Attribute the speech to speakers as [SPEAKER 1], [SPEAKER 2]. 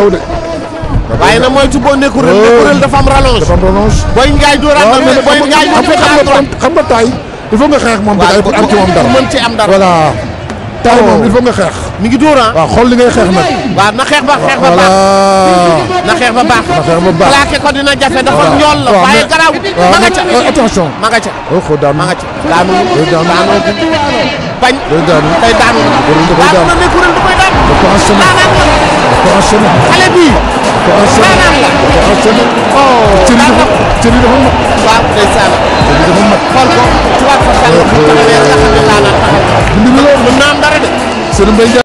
[SPEAKER 1] daw de. waaye na mooy boo nekkul ren nekkul ren dafa am rallonge. dafa am rallonge. booy Ndiaye dooraat na mais booy Ndiaye xam nga taay il faut nga xeex moom taay pour am ci moom dara mën ci am dara voilà. taay moom il faut nga xeex. mi ngi dóor ah. xool li ngay xeex nag. waaw na xeex ba xeex ba baax. na xeex ba baax. na xeex ba baax plaqué ko dina jafe dafa njool la. waaye garaaw ma nga ca euh, attention ma
[SPEAKER 2] nga ca. oh xoo daanu ma nga ca daanu. day daanu bañ. day daanu day daanu. xale bii. maanaam la te oh. dafa waaw ndeysaan. dafa mat xool ko
[SPEAKER 1] tubaab ko sànq bu ñu taxawee nga xam ne daanaka taxaw. Oh. mën naa am dara de.